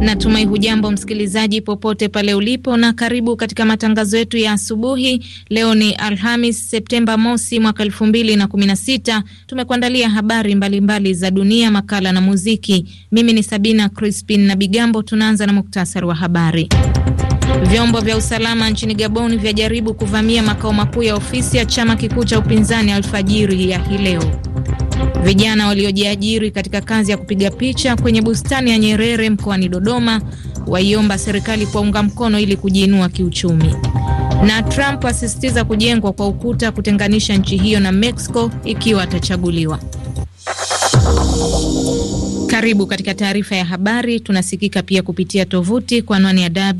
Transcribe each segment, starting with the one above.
Natumai hujambo msikilizaji, popote pale ulipo, na karibu katika matangazo yetu ya asubuhi. Leo ni Alhamis, Septemba mosi mwaka elfu mbili na kumi na sita. Tumekuandalia habari mbalimbali mbali za dunia, makala na muziki. Mimi ni Sabina Crispin na Bigambo. Tunaanza na muktasari wa habari. Vyombo vya usalama nchini Gabon vyajaribu kuvamia makao makuu ya ofisi ya chama kikuu cha upinzani alfajiri ya hii leo. Vijana waliojiajiri katika kazi ya kupiga picha kwenye bustani ya Nyerere mkoani Dodoma waiomba serikali kuwaunga mkono ili kujiinua kiuchumi. Na Trump asisitiza kujengwa kwa ukuta kutenganisha nchi hiyo na Mexico ikiwa atachaguliwa. Karibu katika taarifa ya habari. Tunasikika pia kupitia tovuti kwa anwani ya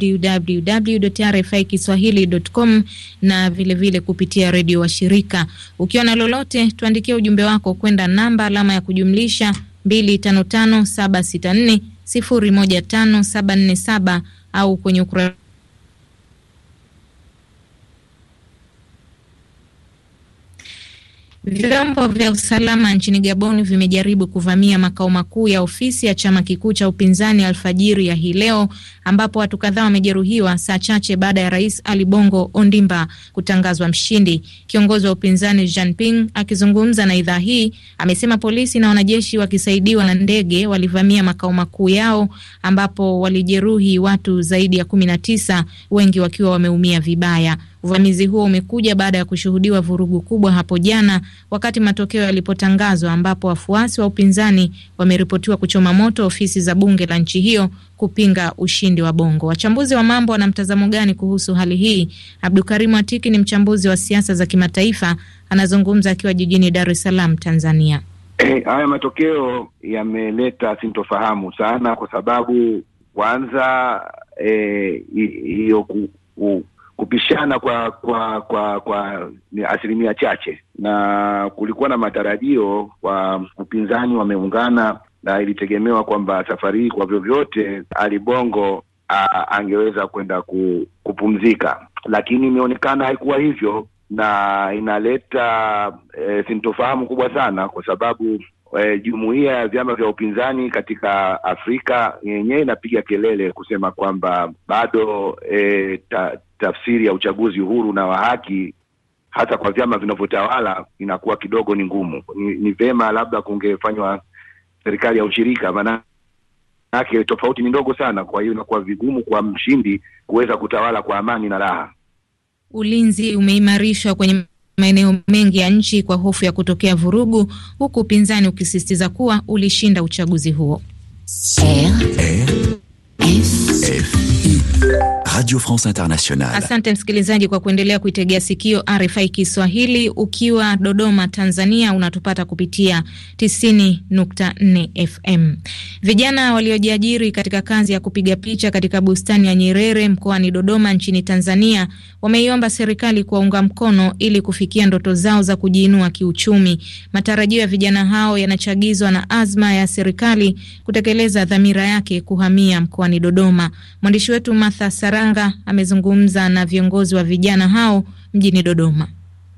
kiswahilicom na vilevile vile kupitia redio wa shirika Ukiwa na lolote, tuandikia ujumbe wako kwenda namba alama ya kujumlisha 255764015747 au kwenye ukurasa Vyombo vya usalama nchini Gaboni vimejaribu kuvamia makao makuu ya ofisi ya chama kikuu cha upinzani alfajiri ya hii leo, ambapo watu kadhaa wamejeruhiwa saa chache baada ya rais Ali Bongo Ondimba kutangazwa mshindi. Kiongozi wa upinzani Jean Ping akizungumza na idhaa hii amesema polisi na wanajeshi wakisaidiwa na ndege walivamia makao makuu yao, ambapo walijeruhi watu zaidi ya kumi na tisa, wengi wakiwa wameumia vibaya. Uvamizi huo umekuja baada ya kushuhudiwa vurugu kubwa hapo jana wakati matokeo yalipotangazwa, ambapo wafuasi wa upinzani wameripotiwa kuchoma moto ofisi za bunge la nchi hiyo kupinga ushindi wa Bongo. Wachambuzi wa mambo wana mtazamo gani kuhusu hali hii? Abdukarimu Atiki ni mchambuzi wa siasa za kimataifa, anazungumza akiwa jijini Dar es Salaam, Tanzania. Eh, haya matokeo yameleta sintofahamu sana kwa sababu kwanza eh, hiyo eh, kupishana kwa kwa kwa kwa ni asilimia chache, na kulikuwa na matarajio kwa upinzani wameungana, na ilitegemewa kwamba safari hii kwa vyovyote Ali Bongo a, angeweza kwenda ku, kupumzika, lakini imeonekana haikuwa hivyo, na inaleta e, sintofahamu kubwa sana kwa sababu e, jumuiya ya vyama vya upinzani katika Afrika yenyewe inapiga kelele kusema kwamba bado e, ta, tafsiri ya uchaguzi huru na wa haki hasa kwa vyama vinavyotawala inakuwa kidogo ni ngumu. Ni, ni vema labda kungefanywa serikali ya ushirika, maanake tofauti ni ndogo sana. Kwa hiyo inakuwa vigumu kwa mshindi kuweza kutawala kwa amani na raha. Ulinzi umeimarishwa kwenye maeneo mengi ya nchi kwa hofu ya kutokea vurugu, huku upinzani ukisisitiza kuwa ulishinda uchaguzi huo. R F Radio France Internationale. Asante msikilizaji kwa kuendelea kuitegea sikio RFI Kiswahili. Ukiwa Dodoma, Tanzania, unatupata kupitia 90.4 FM. Vijana waliojiajiri katika kazi ya kupiga picha katika bustani ya Nyerere mkoani Dodoma nchini Tanzania wameiomba serikali kuwaunga mkono ili kufikia ndoto zao za kujiinua kiuchumi. Matarajio ya vijana hao yanachagizwa na azma ya serikali kutekeleza dhamira yake kuhamia mkoani Dodoma. Mwandishi wetu Matthew Martha Saranga amezungumza na viongozi wa vijana hao mjini Dodoma.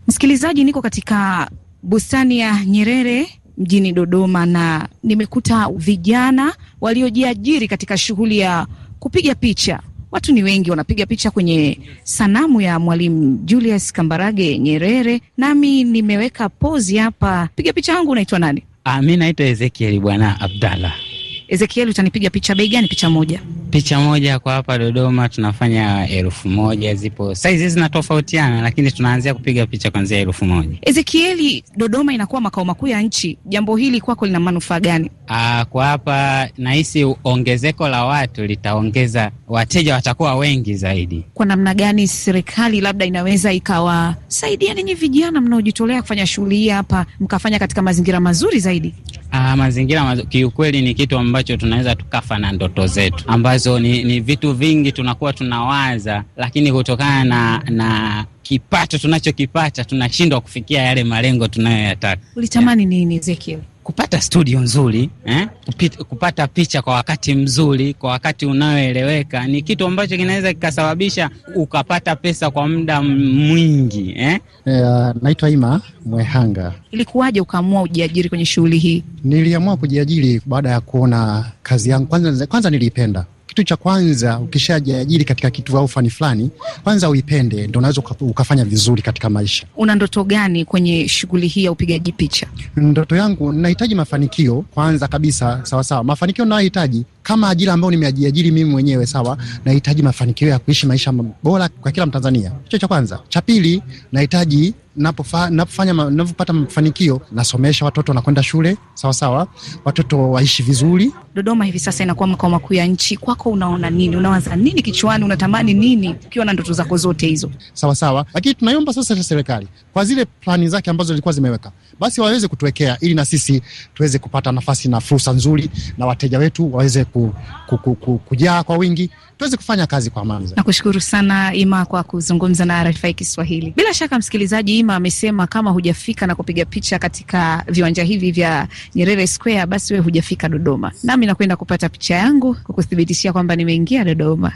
Msikilizaji, niko katika bustani ya Nyerere mjini Dodoma na nimekuta vijana waliojiajiri katika shughuli ya kupiga picha. Watu ni wengi wanapiga picha kwenye sanamu ya Mwalimu Julius Kambarage Nyerere, nami nimeweka pozi hapa. Piga picha yangu. Unaitwa nani? Ah, mi naitwa Ezekieli Bwana Abdallah. Ezekiel, utanipiga picha bei gani? Picha moja, picha moja kwa hapa Dodoma tunafanya elfu moja. Zipo saizi zinatofautiana, lakini tunaanzia kupiga picha kwanzia elfu moja. Ezekieli, Dodoma inakuwa makao makuu ya nchi, jambo hili kwako lina manufaa gani? Aa, ah, kwa hapa nahisi ongezeko la watu litaongeza wateja, watakuwa wengi zaidi. Kwa namna gani serikali labda inaweza ikawasaidia ninyi vijana mnaojitolea kufanya shughuli hii hapa, mkafanya katika mazingira mazuri zaidi? Ah, mazingira maz... kiukweli ni kitu ambacho tunaweza tukafa na ndoto zetu ambazo ni, ni vitu vingi tunakuwa tunawaza, lakini kutokana na, na kipato tunachokipata tunashindwa kufikia yale malengo tunayoyataka. Ulitamani nini Ezekiel? kupata studio nzuri eh? Kupita, kupata picha kwa wakati mzuri, kwa wakati unaoeleweka ni kitu ambacho kinaweza kikasababisha ukapata pesa kwa muda mwingi eh? Eh, ah, naitwa Ima Mwehanga. Ilikuwaje ukaamua ujiajiri kwenye shughuli hii? Niliamua kujiajiri baada ya kuona kazi yangu kwanza, kwanza niliipenda kitu cha kwanza, ukishajiajiri katika kitu au fani fulani, kwanza uipende, ndo unaweza ukafanya vizuri katika maisha. Una ndoto gani kwenye shughuli hii ya upigaji picha? Ndoto yangu nahitaji mafanikio kwanza kabisa, sawasawa, mafanikio nayohitaji kama ajira ambayo nimeajiajiri mimi mwenyewe sawa, nahitaji mafanikio ya kuishi maisha bora kwa kila Mtanzania. Hicho cha kwanza. Cha pili, nahitaji napofanya navyopata mafanikio, nasomesha watoto, nakwenda shule sawa sawa, watoto waishi vizuri. Dodoma hivi sasa inakuwa makao makuu ya nchi. Kwako unaona nini? Unawaza nini kichwani? Unatamani nini ukiwa na ndoto zako zote hizo? Sawa sawa, lakini tunaomba sasa serikali kwa zile plani zake ambazo zilikuwa zimeweka, basi waweze kutuwekea ili na sisi tuweze kupata nafasi na fursa nzuri, na wateja wetu waweze ku, ku, ku, ku, kujaa kwa wingi, tuweze kufanya kazi kwa amani. Nakushukuru sana Ima kwa kuzungumza na RFI Kiswahili. Bila shaka msikilizaji, Ima amesema kama hujafika na kupiga picha katika viwanja hivi vya Nyerere Square, basi wewe hujafika Dodoma. Nami nakwenda kupata picha yangu kwa kuthibitishia kwamba nimeingia Dodoma.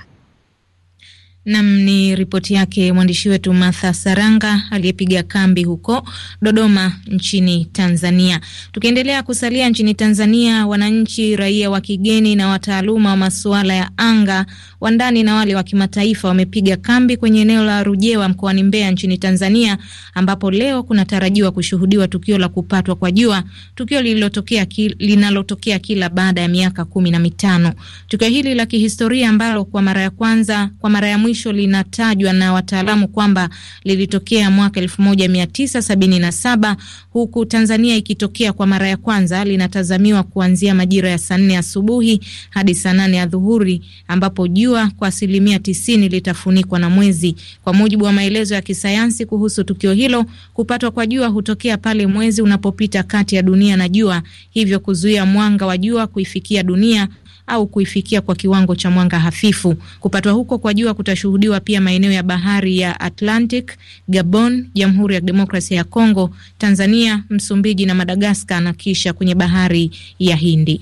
Nam ni ripoti yake mwandishi wetu Martha Saranga aliyepiga kambi huko Dodoma nchini Tanzania. Tukiendelea kusalia nchini Tanzania, wananchi, raia wa kigeni na wataaluma wa masuala ya anga wa ndani na wale wa kimataifa wamepiga kambi kwenye eneo la Rujewa mkoani Mbeya nchini Tanzania, ambapo leo kunatarajiwa kushuhudiwa tukio la kupatwa kwa jua, tukio lililotokea linalotokea kila baada ya miaka kumi na mitano. Tukio hili la kihistoria ambalo kwa mara ya kwanza, kwa mara ya mwisho linatajwa na wataalamu kwamba lilitokea mwaka 1977 huku Tanzania ikitokea kwa mara ya kwanza, linatazamiwa kuanzia majira ya saa nne asubuhi hadi saa nane adhuhuri ambapo jua zikiwa kwa asilimia tisini litafunikwa na mwezi, kwa mujibu wa maelezo ya kisayansi kuhusu tukio hilo. Kupatwa kwa jua hutokea pale mwezi unapopita kati ya dunia na jua, hivyo kuzuia mwanga wa jua kuifikia dunia au kuifikia kwa kiwango cha mwanga hafifu. Kupatwa huko kwa jua kutashuhudiwa pia maeneo ya bahari ya Atlantic, Gabon, Jamhuri ya Demokrasia ya Kongo, Tanzania, Msumbiji na Madagaskar, na kisha kwenye bahari ya Hindi.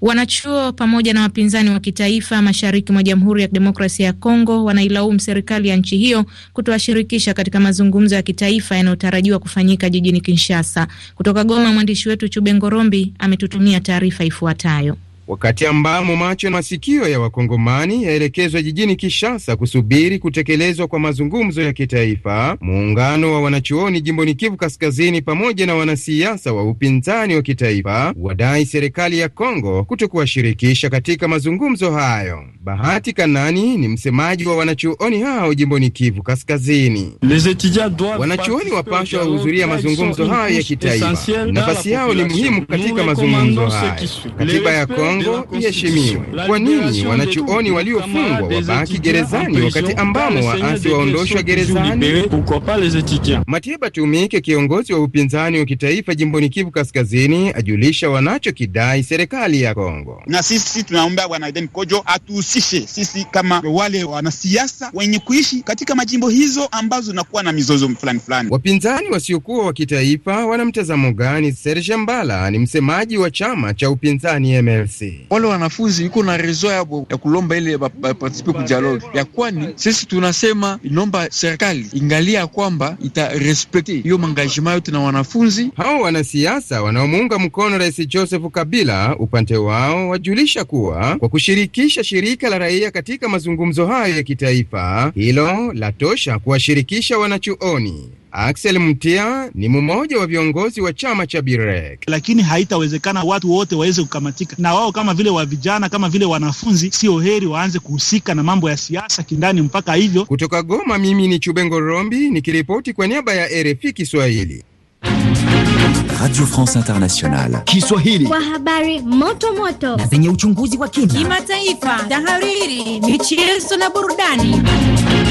Wanachuo pamoja na wapinzani wa kitaifa mashariki mwa Jamhuri ya Kidemokrasia ya Kongo wanailaumu serikali ya nchi hiyo kutowashirikisha katika mazungumzo ya kitaifa yanayotarajiwa kufanyika jijini Kinshasa. Kutoka Goma, mwandishi wetu Chube Ngorombi ametutumia taarifa ifuatayo wakati ambamo macho na masikio ya Wakongomani yaelekezwa jijini kishasa kusubiri kutekelezwa kwa mazungumzo ya kitaifa. Muungano wa wanachuoni jimboni Kivu Kaskazini pamoja na wanasiasa wa upinzani wa kitaifa wadai serikali ya Kongo kutokuwashirikisha katika mazungumzo hayo. Bahati Kanani ni msemaji wa wanachuoni hao jimboni Kivu Kaskazini. Wanachuoni wapashwa wahudhuria mazungumzo hayo ya kitaifa, nafasi yao ni muhimu katika mazungumzo hayo. Katiba ya Kongo ya iheshimiwe. Kwa nini wanachuoni waliofungwa wabaki gerezani wakati ambamo waasi waondoshwa gerezani? Matiba Tumike, kiongozi wa upinzani wa kitaifa jimboni Kivu Kaskazini, ajulisha wanachokidai serikali ya Kongo. Na sisi tunaomba bwana Eden Kojo atuhusishe sisi kama wale wanasiasa wenye kuishi katika majimbo hizo ambazo zinakuwa na mizozo fulani fulani. Wapinzani wasiokuwa wa kitaifa wana mtazamo gani? Serge Mbala ni msemaji wa chama cha upinzani MLC wale wanafunzi iko na rezo yabo ya kulomba ile bapartisipe ba, dialogue ya kwani sisi tunasema inomba serikali ingalia kwamba itarespekte hiyo mangajima yote na wanafunzi hao. Wanasiasa wanaomuunga mkono Rais Joseph Kabila upande wao wajulisha kuwa kwa kushirikisha shirika la raia katika mazungumzo hayo ya kitaifa, hilo latosha kuwashirikisha wanachuoni Axel Mtia ni mmoja wa viongozi wa chama cha Birek. Lakini haitawezekana watu wote waweze kukamatika, na wao kama vile wa vijana, kama vile wanafunzi, sio heri waanze kuhusika na mambo ya siasa kindani mpaka hivyo. Kutoka Goma, mimi ni Chubengo Rombi nikiripoti kwa niaba ya RFI Kiswahili. Radio France Internationale Kiswahili, kwa habari moto moto na zenye uchunguzi wa kina, kimataifa, tahariri, michezo na burudani.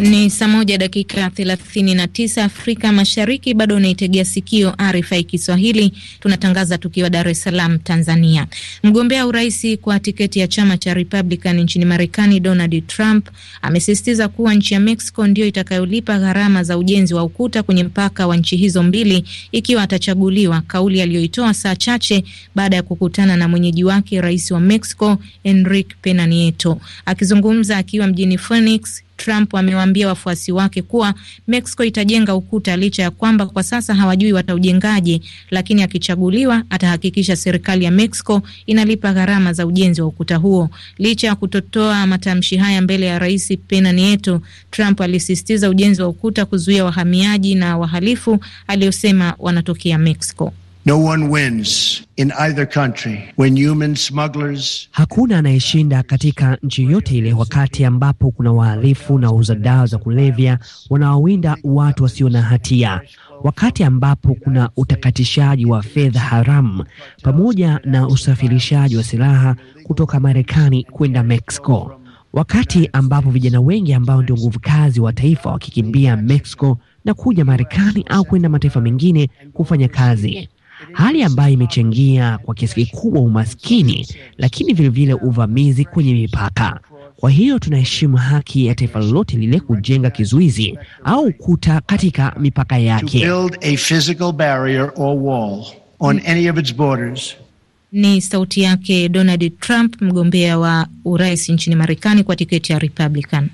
Ni saa moja dakika thelathini na tisa Afrika Mashariki. Bado unaitegea sikio RFI Kiswahili, tunatangaza tukiwa Dar es Salaam, Tanzania. Mgombea urais kwa tiketi ya chama cha Republican nchini Marekani, Donald Trump amesisitiza kuwa nchi ya Mexico ndio itakayolipa gharama za ujenzi wa ukuta kwenye mpaka wa nchi hizo mbili ikiwa atachaguliwa, kauli aliyoitoa saa chache baada ya kukutana na mwenyeji wake, rais wa Mexico Enrique Pena Nieto. Akizungumza akiwa mjini Phoenix Trump amewaambia wafuasi wake kuwa Mexico itajenga ukuta licha ya kwamba kwa sasa hawajui wataujengaje, lakini akichaguliwa atahakikisha serikali ya Mexico inalipa gharama za ujenzi wa ukuta huo. Licha ya kutotoa matamshi haya mbele ya Rais Pena Nieto, Trump alisisitiza ujenzi wa ukuta kuzuia wahamiaji na wahalifu aliyosema wanatokea Mexico. No one wins in either country when human smugglers... Hakuna anayeshinda katika nchi yoyote ile wakati ambapo kuna wahalifu na wauza dawa za kulevya wanaowinda watu wasio na hatia, wakati ambapo kuna utakatishaji wa fedha haramu pamoja na usafirishaji wa silaha kutoka Marekani kwenda Mexico, wakati ambapo vijana wengi ambao ndio nguvu kazi wa taifa wakikimbia Mexico na kuja Marekani au kwenda mataifa mengine kufanya kazi hali ambayo imechangia kwa kiasi kikubwa umaskini, lakini vilevile uvamizi kwenye mipaka. Kwa hiyo tunaheshimu haki ya taifa lolote lile kujenga kizuizi au ukuta katika mipaka yake. Ni sauti yake Donald Trump, mgombea wa urais nchini Marekani kwa tiketi ya Republican.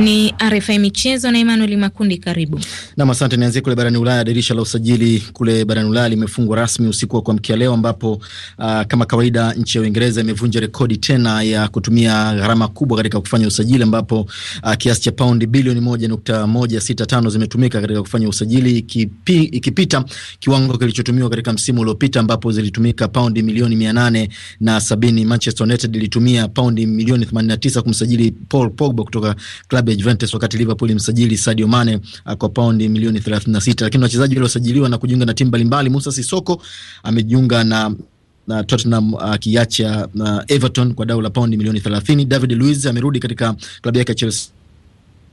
Ni RFI Michezo na Emmanuel Makundi, karibu nam. Asante. Nianzie kule barani Ulaya. Dirisha la usajili kule barani Ulaya limefungwa rasmi usiku wa kuamkia leo, ambapo uh, kama kawaida nchi ya Uingereza imevunja rekodi tena ya kutumia gharama kubwa katika kufanya usajili, ambapo uh, kiasi cha paundi bilioni moja nukta moja sita tano zimetumika katika kufanya usajili, ikipi, ikipita kiwango kilichotumiwa katika msimu uliopita ambapo zilitumika paundi milioni mia nane na sabini. Manchester United ilitumia paundi milioni themanini na tisa kumsajili Paul Pogba kutoka klabu klabu ya Juventus wakati Liverpool imsajili Sadio Mane uh, kwa paundi milioni 36. Lakini wachezaji waliosajiliwa na kujiunga na timu mbalimbali, Musa Sisoko amejiunga na na Tottenham uh, akiacha uh, uh, Everton kwa dau la paundi milioni 30. David Luiz amerudi katika klabu yake ya Chelsea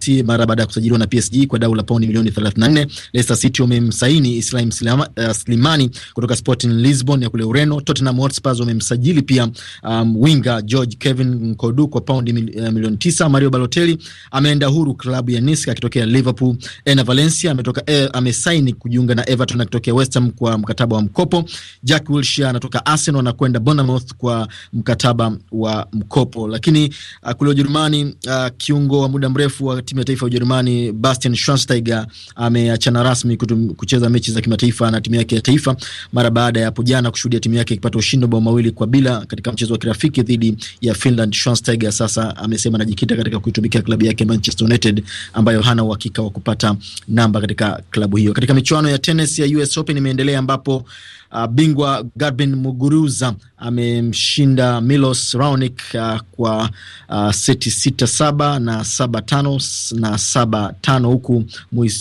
City mara baada ya kusajiliwa na PSG kwa dau la pauni milioni 34. Leicester City wamemsaini Islam uh, Slimani kutoka Sporting Lisbon ya kule Ureno. Tottenham Hotspur wamemsajili pia um, winga George Kevin Nkodu kwa paundi eh, milioni 9. Mario Balotelli ameenda huru klabu ya Nice akitokea Liverpool. Ena Valencia ametoka eh, amesaini kujiunga na Everton akitokea West Ham kwa mkataba wa mkopo. Jack Wilshere anatoka Arsenal na kwenda Bournemouth kwa mkataba wa mkopo. Lakini uh, kule Ujerumani uh, kiungo wa muda mrefu wa timu ya taifa ya Ujerumani Bastian Schweinsteiger ameachana rasmi kutum, kucheza mechi za kimataifa na timu yake ya taifa mara baada ya hapo jana kushuhudia timu yake ikipata ushindi bao mawili kwa bila katika mchezo wa kirafiki dhidi ya Finland. Schweinsteiger sasa amesema anajikita katika kuitumikia klabu yake Manchester United ambayo hana uhakika wa kupata namba katika klabu hiyo. Katika michuano ya tenis ya US Open imeendelea ambapo uh, bingwa Garbin Muguruza amemshinda Milos Raonic uh, kwa uh, seti sita saba na saba tano na saba tano huku,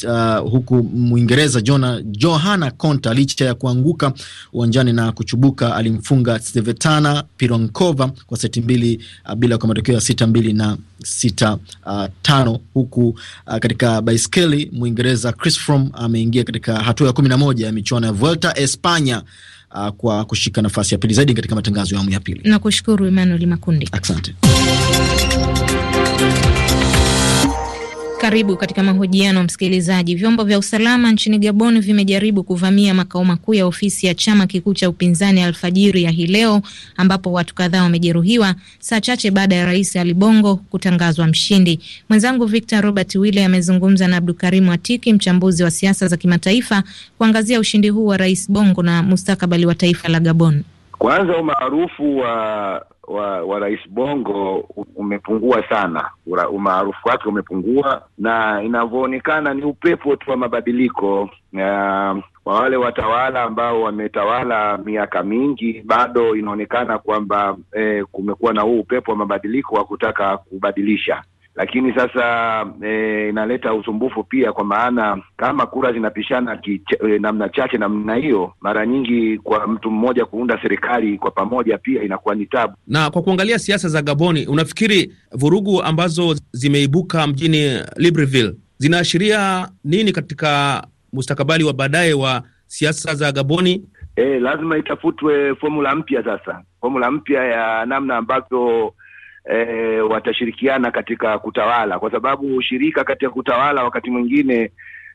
uh, huku Mwingereza Johana Konta licha ya kuanguka uwanjani na kuchubuka alimfunga Svetana Pironkova kwa seti mbili uh, bila kwa matokeo ya sita mbili na sita uh, tano huku uh, katika baiskeli Mwingereza Chris Froome ameingia katika hatua ya kumi na moja ya michuano ya Vuelta Espanya Uh, kwa kushika nafasi ya pili zaidi katika matangazo ya awamu ya pili. Nakushukuru Emmanuel Makundi, asante. Karibu katika mahojiano msikilizaji. Vyombo vya usalama nchini Gabon vimejaribu kuvamia makao makuu ya ofisi ya chama kikuu cha upinzani alfajiri ya hii leo, ambapo watu kadhaa wamejeruhiwa saa chache baada ya rais Ali Bongo kutangazwa mshindi. Mwenzangu Victor Robert Wille amezungumza na Abdukarimu Atiki, mchambuzi wa siasa za kimataifa, kuangazia ushindi huu wa rais Bongo na mustakabali wa taifa la Gabon. Kwanza umaarufu wa wa, wa Rais Bongo umepungua sana, umaarufu wake umepungua, na inavyoonekana ni upepo tu wa mabadiliko wa wale watawala ambao wametawala miaka mingi, bado inaonekana kwamba eh, kumekuwa na huu upepo wa mabadiliko wa kutaka kubadilisha lakini sasa e, inaleta usumbufu pia, kwa maana kama kura zinapishana e, namna chache namna hiyo, mara nyingi kwa mtu mmoja kuunda serikali kwa pamoja pia inakuwa ni tabu. Na kwa kuangalia siasa za Gaboni, unafikiri vurugu ambazo zimeibuka mjini Libreville zinaashiria nini katika mustakabali wa baadaye wa siasa za Gaboni? E, lazima itafutwe fomula mpya sasa, fomula mpya ya namna ambavyo e, watashirikiana katika kutawala, kwa sababu ushirika katika kutawala wakati mwingine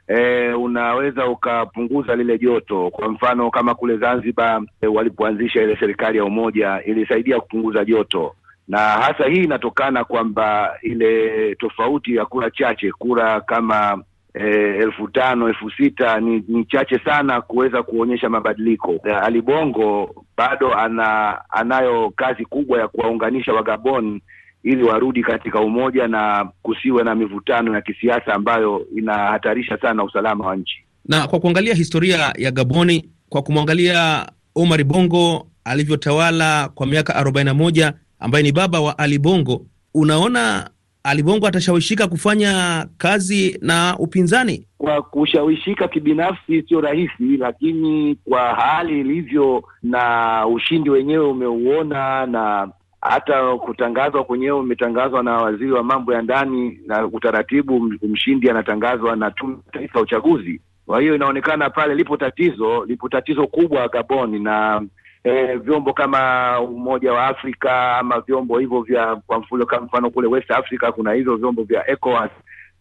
e, unaweza ukapunguza lile joto. Kwa mfano kama kule Zanzibar e, walipoanzisha ile serikali ya umoja ilisaidia kupunguza joto na hasa hii inatokana kwamba ile tofauti ya kura chache, kura kama eh, elfu tano elfu sita ni, ni chache sana kuweza kuonyesha mabadiliko. Ali Bongo bado ana, anayo kazi kubwa ya kuwaunganisha Wagabon ili warudi katika umoja na kusiwe na mivutano ya kisiasa ambayo inahatarisha sana usalama wa nchi. Na kwa kuangalia historia ya Gaboni, kwa kumwangalia Omar Bongo alivyotawala kwa miaka arobaini na moja ambaye ni baba wa Ali Bongo, unaona ali Bongo atashawishika kufanya kazi na upinzani? Kwa kushawishika kibinafsi sio rahisi, lakini kwa hali ilivyo na ushindi wenyewe umeuona na hata kutangazwa kwenyewe umetangazwa na waziri wa mambo ya ndani, na utaratibu mshindi anatangazwa na Tume ya Taifa ya Uchaguzi. Kwa hiyo inaonekana pale lipo tatizo, lipo tatizo kubwa Gabon, na e, vyombo kama Umoja wa Afrika ama vyombo hivyo vya kwa mfano kama mfano kule West Africa kuna hivyo vyombo vya ECOWAS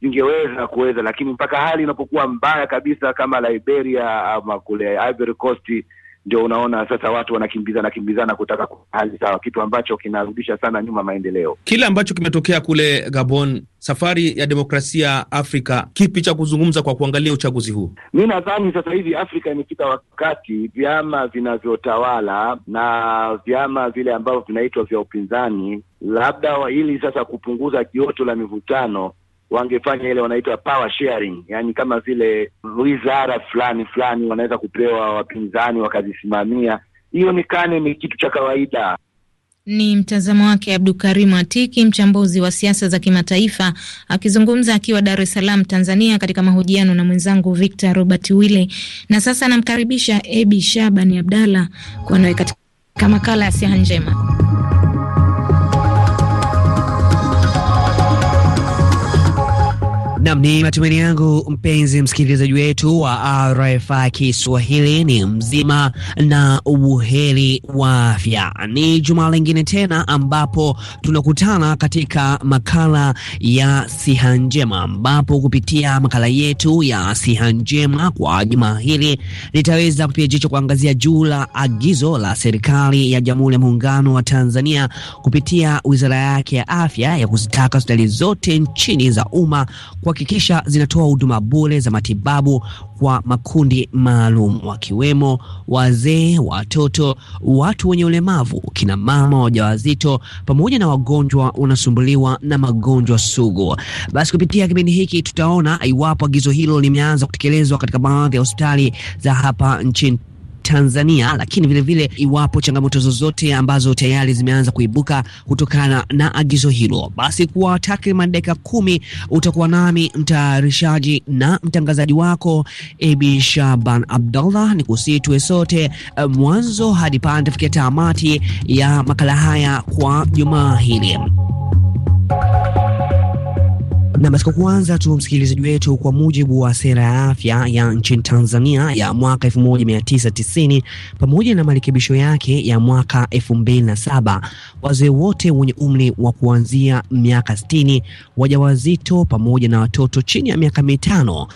vingeweza kuweza, lakini mpaka hali inapokuwa mbaya kabisa kama Liberia ama kule Ivory Coast ndio unaona sasa watu wanakimbizana kimbizana kutaka hali sawa, kitu ambacho kinarudisha sana nyuma maendeleo. Kile ambacho kimetokea kule Gabon, safari ya demokrasia Afrika, kipi cha kuzungumza kwa kuangalia uchaguzi huu? Mi nadhani sasa hivi Afrika imefika wakati vyama vinavyotawala na vyama vile ambavyo vinaitwa vya upinzani, labda ili sasa kupunguza joto la mivutano wangefanya ile wanaitwa power sharing, yani kama vile wizara fulani fulani wanaweza kupewa wapinzani wakazisimamia. Hiyo ni kane ni kitu cha kawaida. Ni mtazamo wake karimu Atiki, mchambuzi wa siasa za kimataifa, akizungumza akiwa Dar es Salaam, Tanzania, katika mahojiano na mwenzangu Victor Robert Wille. Na sasa anamkaribisha Ebi Shabani Abdalla kuwa nawe katika makala ya Siha Njema. Nam, ni matumaini yangu mpenzi msikilizaji wetu wa RFI Kiswahili ni mzima na ubuheri wa afya. Ni juma lingine tena ambapo tunakutana katika makala ya siha njema, ambapo kupitia makala yetu ya siha njema kwa juma hili litaweza kupia jicho kuangazia juu la agizo la serikali ya Jamhuri ya Muungano wa Tanzania kupitia wizara yake ya afya ya kuzitaka hospitali zote nchini za umma kuhakikisha zinatoa huduma bure za matibabu kwa makundi maalum wakiwemo wazee, watoto, watu wenye ulemavu, kina mama wajawazito, pamoja na wagonjwa wanasumbuliwa na magonjwa sugu. Basi kupitia kipindi hiki tutaona iwapo agizo hilo limeanza kutekelezwa katika baadhi ya hospitali za hapa nchini Tanzania, lakini vilevile vile, iwapo changamoto zozote ambazo tayari zimeanza kuibuka kutokana na agizo hilo, basi kwa takriban dakika kumi utakuwa nami mtayarishaji na mtangazaji wako Ebi Shaban Abdallah, ni kusi tuwe sote eh, mwanzo hadi pande tafikia tamati ya makala haya kwa jumaa hili. Na katika kuanza tu msikilizaji wetu, kwa mujibu wa sera ya afya ya nchini Tanzania ya mwaka 1990 pamoja na marekebisho yake ya mwaka 2007, wazee wote wenye umri wa kuanzia miaka 60, wajawazito pamoja na watoto chini ya miaka mitano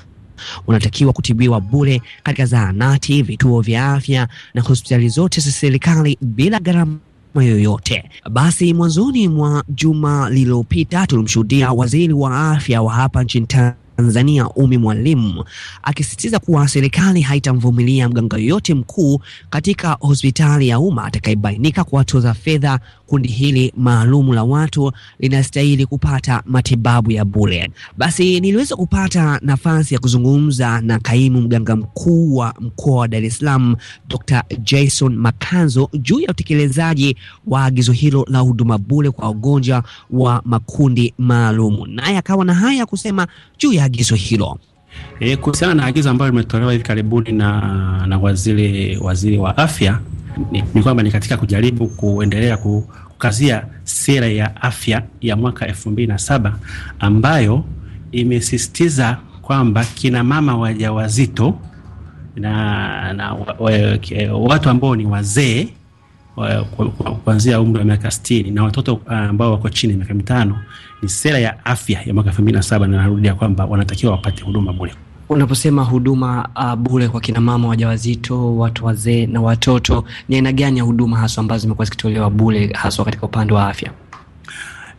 wanatakiwa kutibiwa bure katika zahanati, vituo vya afya na hospitali zote za serikali bila gharama yoyote. Basi mwanzoni mwa juma lililopita tulimshuhudia waziri wa afya wa hapa nchini Tanzania Tanzania Umi Mwalimu akisisitiza kuwa serikali haitamvumilia mganga yoyote mkuu katika hospitali ya umma atakayebainika kuwatoza fedha kundi hili maalumu la watu linastahili kupata matibabu ya bure. Basi niliweza kupata nafasi ya kuzungumza na kaimu mganga mkuu wa mkoa wa Dar es Salaam Dr. Jason Makanzo juu ya utekelezaji wa agizo hilo la huduma bure kwa wagonjwa wa makundi maalumu, naye akawa na haya kusema juu ya agizo hilo. E, kuhusiana na agizo ambalo limetolewa hivi karibuni na, na waziri waziri wa afya ni, ni kwamba ni katika kujaribu kuendelea kukazia sera ya afya ya mwaka elfu mbili na saba ambayo imesisitiza kwamba kina mama wajawazito na, na watu ambao ni wazee kuanzia umri wa miaka 60 na watoto uh, ambao wako chini ya miaka mitano. Ni sera ya afya ya mwaka 2007 na narudia kwamba wanatakiwa wapate huduma bure. Unaposema huduma uh, bure kwa kina mama wajawazito, watu wazee na watoto, ni aina gani ya huduma haswa ambazo zimekuwa zikitolewa bure haswa katika upande wa afya?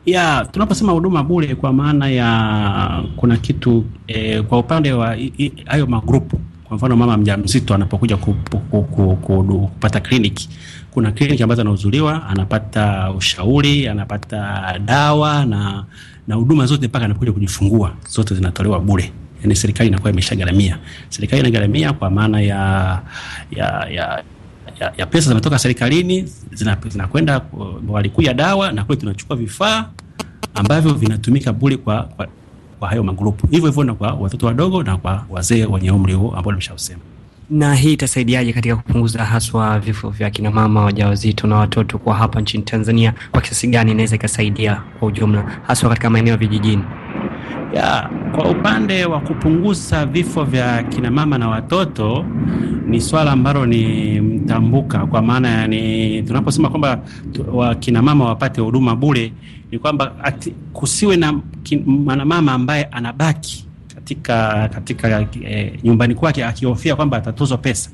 Ya, tunaposema huduma bure kwa maana ya kuna kitu eh, kwa upande wa hayo magrupu, kwa mfano mama mjamzito anapokuja kupata kliniki kuna kliniki ambazo anahudhuriwa, anapata ushauri, anapata dawa na na huduma zote mpaka anakuja kujifungua, zote zinatolewa bure. Yani serikali inakuwa imeshagharamia. Serikali inagharamia kwa maana ya ya ya ya, ya pesa zinatoka serikalini zinakwenda halmashauri kuu ya dawa, na kule tunachukua vifaa ambavyo vinatumika bure kwa, kwa, kwa hayo magrupu. Hivyo hivyo na kwa watoto wadogo na kwa wazee wenye umri huo ambao nimeshausema na hii itasaidiaje katika kupunguza haswa vifo vya kina mama wajawazito na watoto kwa hapa nchini Tanzania? Kwa kiasi gani inaweza ikasaidia kwa ujumla, haswa katika maeneo ya vijijini? Ya, kwa upande wa kupunguza vifo vya kina mama na watoto ni swala ambalo ni mtambuka, kwa maana ni tunaposema kwamba kina mama wapate huduma bure, ni kwamba kusiwe na mwanamama ambaye anabaki katika katika e, nyumbani kwake akihofia kwamba atatozwa pesa.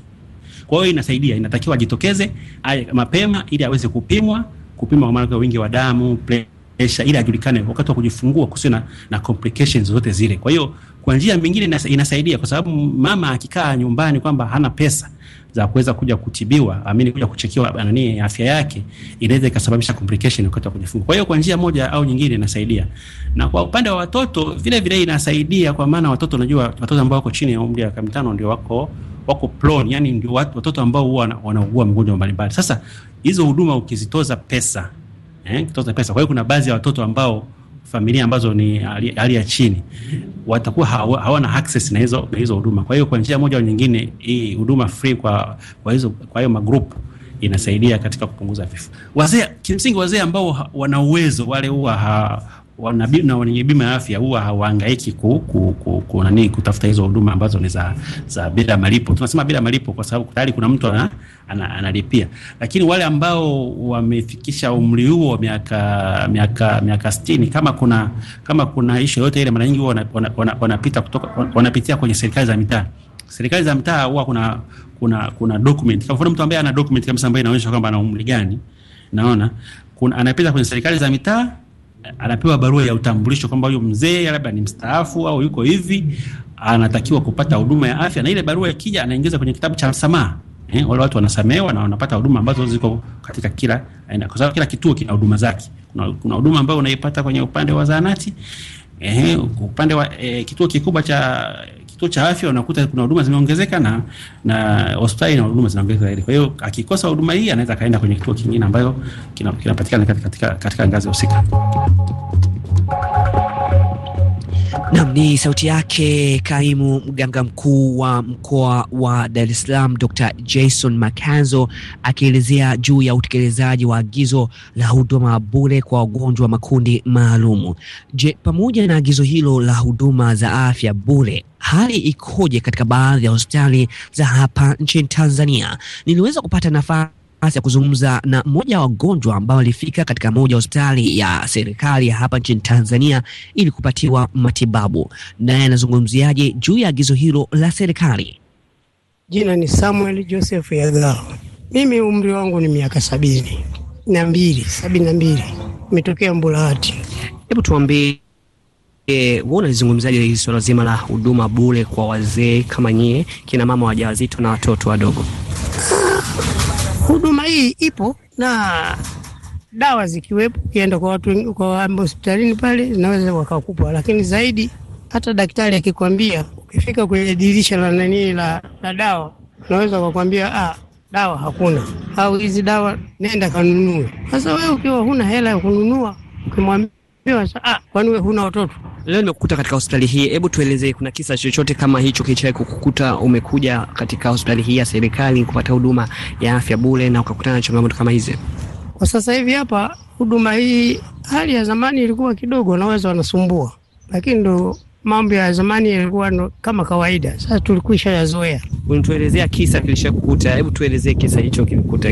Kwa hiyo inasaidia, inatakiwa ajitokeze aye, mapema ili aweze kupimwa kupima maana wingi wa damu pressure, ili ajulikane wakati wa kujifungua kusiwe na complications zote zile. Kwa hiyo kwa njia mingine inasaidia, kwa sababu mama akikaa nyumbani kwamba hana pesa za kuweza kuja kutibiwa, amini kuja kuchekiwa nani afya yake, inaweza ikasababisha complication wakati wa kujifungua. Kwa hiyo kwa njia moja au nyingine inasaidia, na kwa upande wa watoto vile vile inasaidia, kwa maana watoto, unajua watoto ambao wako chini ya umri wa miaka mitano ndio wako wako prone, yani ndio watoto ambao huwa wanaugua magonjwa mbalimbali. Sasa hizo huduma ukizitoza pesa eh, kitoza pesa. Kwa hiyo kuna baadhi ya watoto ambao familia ambazo ni hali ya chini watakuwa hawana access na hizo na hizo huduma. Kwa hiyo kwa njia moja au nyingine, hii huduma free kwa kwa hizo kwa hiyo magroup inasaidia katika kupunguza vifo. Wazee kimsingi, wazee ambao wana uwezo wale huwa na wenye bima ya afya huwa hawahangaiki ku, ku, ku, ku nani kutafuta hizo huduma ambazo ni za, za bila malipo. Tunasema bila malipo kwa sababu tayari kuna mtu ana, ana, analipia, lakini wale ambao wamefikisha umri huo miaka miaka miaka sitini, kama kuna kama kuna ishu yoyote ile, mara nyingi wanapita kutoka wanapitia kwenye serikali za mitaa. Serikali za mitaa huwa kuna kuna kuna document, kwa mfano mtu ambaye ana document kabisa ambayo inaonyesha kwamba ana umri gani, naona kuna anapita kwenye serikali za mitaa anapewa barua ya utambulisho kwamba huyo mzee labda ni mstaafu au yuko hivi, anatakiwa kupata huduma ya afya, na ile barua ikija, anaingiza kwenye kitabu cha msamaha. Eh, wale watu wanasamehewa na wanapata huduma ambazo ziko katika kila aina, kwa sababu kila kituo kina huduma zake. Kuna huduma ambayo unaipata kwenye upande wa zahanati eh, upande wa eh, kituo kikubwa cha kituo cha afya unakuta kuna huduma zimeongezeka na na hospitali na huduma zinaongezeka zaidi. Kwa hiyo akikosa huduma hii anaweza kaenda kwenye kituo kingine ambayo kinapatikana kina katika katika, katika ngazi husika. Nam ni sauti yake kaimu mganga mkuu wa mkoa wa Dar es Salaam Dr. Jason Makanzo akielezea juu ya utekelezaji wa agizo la huduma bure kwa wagonjwa makundi maalumu. Je, pamoja na agizo hilo la huduma za afya bure, hali ikoje katika baadhi ya hospitali za hapa nchini Tanzania? Niliweza kupata nafasi nafasi ya kuzungumza na mmoja wa wagonjwa ambao alifika katika moja hospitali ya serikali ya hapa nchini Tanzania ili kupatiwa matibabu. Naye anazungumziaje juu ya agizo hilo la serikali? Jina ni Samuel Joseph Yagao. Mimi umri wangu ni miaka sabini na mbili, sabini na mbili, imetokea Mbulahati. Hebu tuambie E, wewe unalizungumzaje hili swala zima la huduma bure kwa wazee kama nyie, kina mama wajawazito na watoto wadogo? Ah, huduma hii ipo na dawa zikiwepo, ukienda kwa watu kwa hospitalini pale zinaweza wakakupa, lakini zaidi hata daktari akikwambia, ukifika kwenye dirisha la nani la, la dawa unaweza kukwambia ah, dawa hakuna, au hizi dawa nenda kanunue. Sasa wewe ukiwa huna hela ya kununua ukimwambia Ah, kwani wewe huna watoto? Leo nimekukuta katika hospitali hii. Hebu tueleze, kuna kisa chochote kama hicho kichai kukukuta? Umekuja katika hospitali hii ya serikali kupata huduma ya afya bure na ukakutana na changamoto kama hizi? Kwa sasa hivi hapa huduma hii, hali ya zamani ilikuwa kidogo naweza wanasumbua, lakini ndo mambo ya zamani yalikuwa no, kama kawaida. Sasa tulikwisha yazoea. Unituelezea kisa kilishakukuta, hebu tuelezee kisa hicho kilikukuta.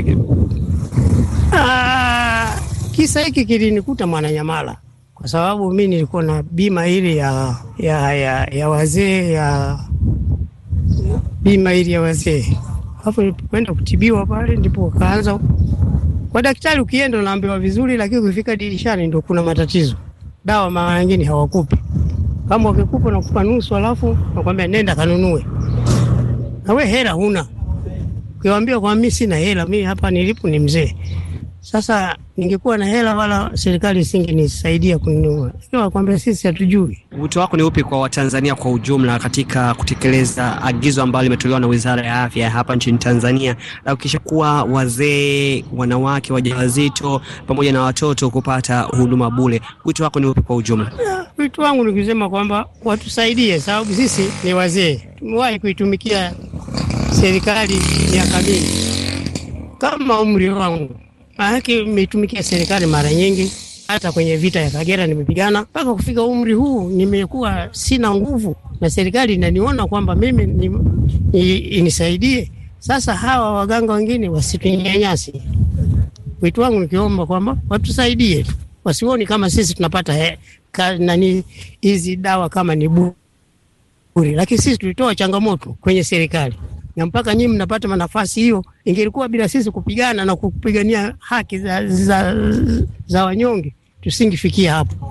Ah, kisa hiki kilinikuta Mwananyamala kwa sababu mi nilikuwa na bima ile ya, ya, ya, ya wazee ya bima ile ya wazee. Hapo nilipokwenda kutibiwa pale, ndipo wakaanza kwa daktari, ukienda unaambiwa vizuri, lakini ukifika dirishani ndo kuna matatizo. Dawa mara nyingine hawakupi, kama wakikupa nakupa nusu, alafu nakwambia nenda kanunue, na we hela huna. Ukiwaambia kwa mimi sina hela, mi hapa nilipo ni mzee sasa ningekuwa na hela wala serikali isingenisaidia kununua, lakini wakwambia sisi hatujui. Wito wako ni upi kwa Watanzania kwa ujumla katika kutekeleza agizo ambalo limetolewa na Wizara ya Afya hapa nchini Tanzania la kuhakikisha kuwa wazee, wanawake wajawazito pamoja na watoto kupata huduma bure? Wito wako ni upi kwa ujumla? Wito wangu ni kusema kwamba watusaidie, sababu sisi ni wazee, tumewahi kuitumikia serikali miaka mingi kama umri wangu maanake nimetumikia serikali mara nyingi hata kwenye vita ya Kagera nimepigana mpaka kufika umri huu, nimekuwa sina nguvu, na serikali inaniona kwamba mimi ni, ni, inisaidie. Sasa hawa waganga wengine wasitunyanyasi. Wito wangu nikiomba kwamba watusaidie tu, wasioni kama sisi tunapata he, ka, nani hizi dawa kama ni bure, lakini sisi tulitoa changamoto kwenye serikali na mpaka nyinyi mnapata nafasi hiyo. Ingelikuwa bila sisi kupigana na kupigania haki za, za, za wanyonge tusingifikia hapo.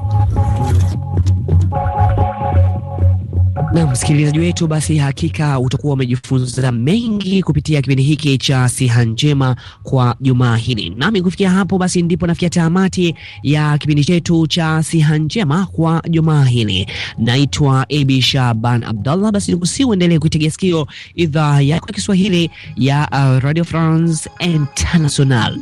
Na msikilizaji wetu, basi hakika utakuwa umejifunza mengi kupitia kipindi hiki cha Siha Njema kwa jumaa hili. Nami kufikia hapo, basi ndipo nafikia tamati ya kipindi chetu cha Siha Njema kwa jumaa hili. Naitwa Abi Shaban Abdallah. Basi nikusi uendelee kuitegea sikio idhaa yako ya Kiswahili ya uh, Radio France International.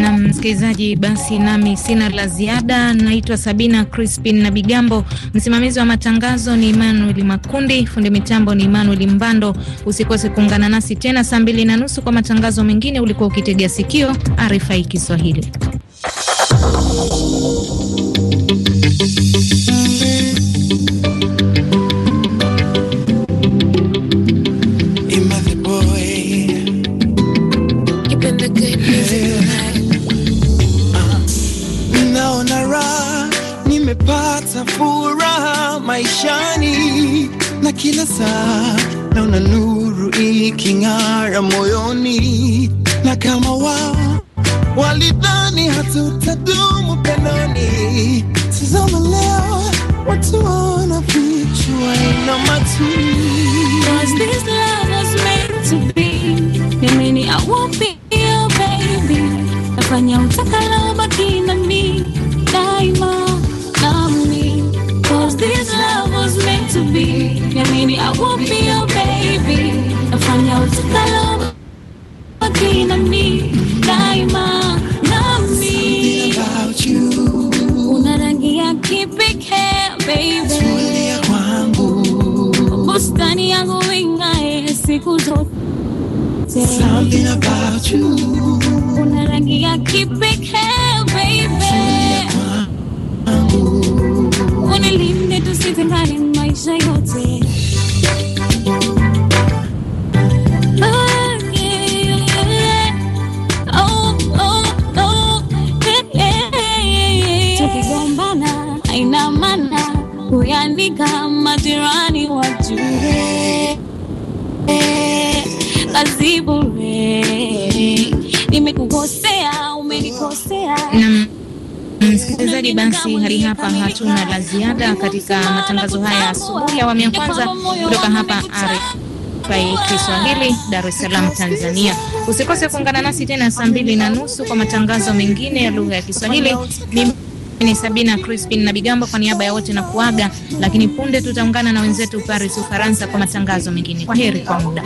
Na msikilizaji, basi nami sina la ziada. Naitwa Sabina Crispin na Bigambo, msimamizi wa matangazo ni Iman Emmanuel Makundi, fundi mitambo ni Emmanuel Mbando. Usikose kuungana nasi tena saa mbili na nusu kwa matangazo mengine. Ulikuwa ukitegea sikio RFI Kiswahili. sasa naona nuru iking'ara moyoni, na kama wao walidhani hatutadumu penoni, tazama leo watu wanafichwa na matui fanya utakalo baki nami daima nami cause this love was meant to be baby, I won't be your baby. Nafanya your utakalo wakina love daima nami. about you. Una rangi ya kipekee baby. Tulia kwangu. Bustani yangu ing'ae siku Something about you. Una rangi ya kipekee baby. Unilinde tusitengane maisha yote. Nitaandika majirani wajue kazi nimekukosea, umenikosea Msikilizaji, basi hadi hapa hatuna la ziada katika matangazo haya asubuhi ya awamu ya kwanza kutoka hapa RFI Kiswahili, Dar es Salaam, Tanzania. Usikose kuungana nasi tena saa mbili na nusu kwa matangazo mengine ya lugha ya Kiswahili ni Sabina Crispin na Bigambo kwa niaba ya wote na kuaga, lakini punde tutaungana na wenzetu Paris, Ufaransa kwa matangazo mengine. Kwa heri kwa muda.